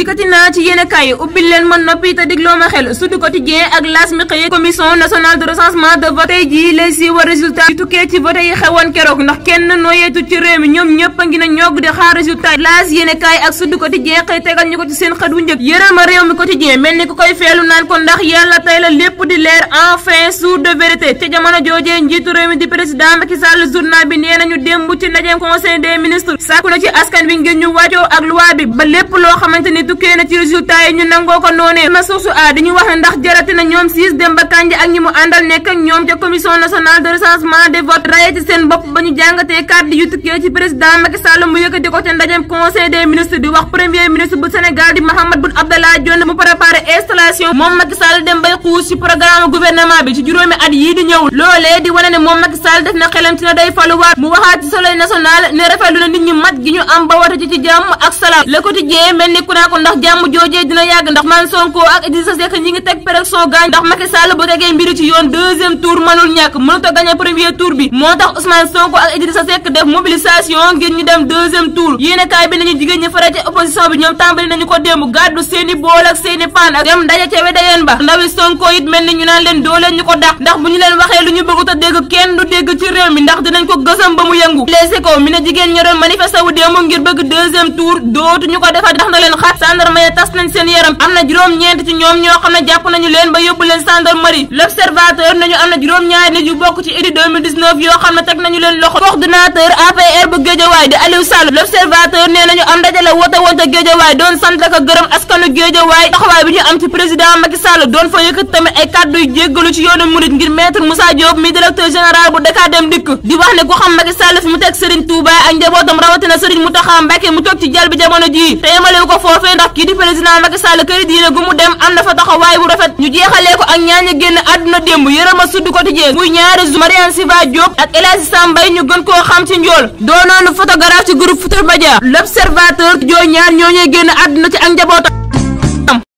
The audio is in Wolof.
dikkati naa ci yéene kaay ma noppi te digloo xel Sud Quotidien ak L'As mi xëyee commission nationale de recensement de vote tey jii lay résultat yi tukkee ci vote yi xewoon keroog ndax kenn nooyeetu ci réew mi ñoom ñëpp a ngi na ñoog di xaar résultat L'As yéene ak Sud Quotidien xëy tegal ñu ko ci seen xët wu njëkk yëral réew mi Quotidien mel ni ku koy feelu naan ko ndax yàlla tey la lépp di leer enfin jour de vérité ca jamono joojee tukkee na a di wax premier ministre bu Sénégal di Mahammed Boun Abdallah Dionne mu préparé installation moom Macky dem bay xuus ci programme gouvernement bi ci juróomi at yii di ñëw loolee di wane ne moom Macky def na xelam ci na day faluwaat mu waxaat ci soleil national ne rafetlu na nit ñu mat gi ñu am ba wata ci ci jàmm ak salaam le quotidien mel ni naa ko ndax jàmm joojee dina yàgg ndax man Sonko ak Idrissa Seck ñi ngi teg pression gaañ ndax Macky Sall bu tegee mbiri ci yoon deuxième tour mënul ñàkk mënut a gagné premier tour bi moo tax Ousmane Sonko ak Idrissa Seck def mobilisation ngir ñu dem deuxième tour yéenekaay bi nañu jigéen ñi fara ci opposition bi ñoom tàmbali nañu ko démb gàddu seeni bool ak seeni paan ak dem daje ca wedayeen ba ndawi Sonko it mel ni ñu naan leen doo leen ñu ko dàq ndax bu ñu leen waxee lu ñu bëggut a dégg kenn du dégg gendarme ya tas nañ seen yaram am na juróom-ñeent ci ñoom ñoo xam ne jàpp nañu leen ba yóbbu leen gendarmerie l'observateur nañu am na juróom-ñaari nit yu bokk ci idi 2019 yoo xam ne teg nañu leen loxo coordonnateur APR bu Géejawaay di Aliou Sall l'observateur nee nañu am ndaje la woote Géejawaay doon sant gërëm askanu Géejawaay taxawaay bi ñu am ci président Macky Sall doon fa yëkkat tamit ay kàddu jéggalu ci yoonu mu teg Serigne ndax kii di président Macky Sall këri diine gu mu dem am na fa taxawaay bu rafet ñu jeexalee ko ak ñaaña génn àdduna démb yërëma suddu quotidien muy ñaari zu Mariane Siva Diop ak El Hadji Sambay ñu gën koo xam ci njool doonoonu photographe ci groupe Futurs Médias l'observateur joo ñaar ñoo ñuy génn àdduna ci ak njabootam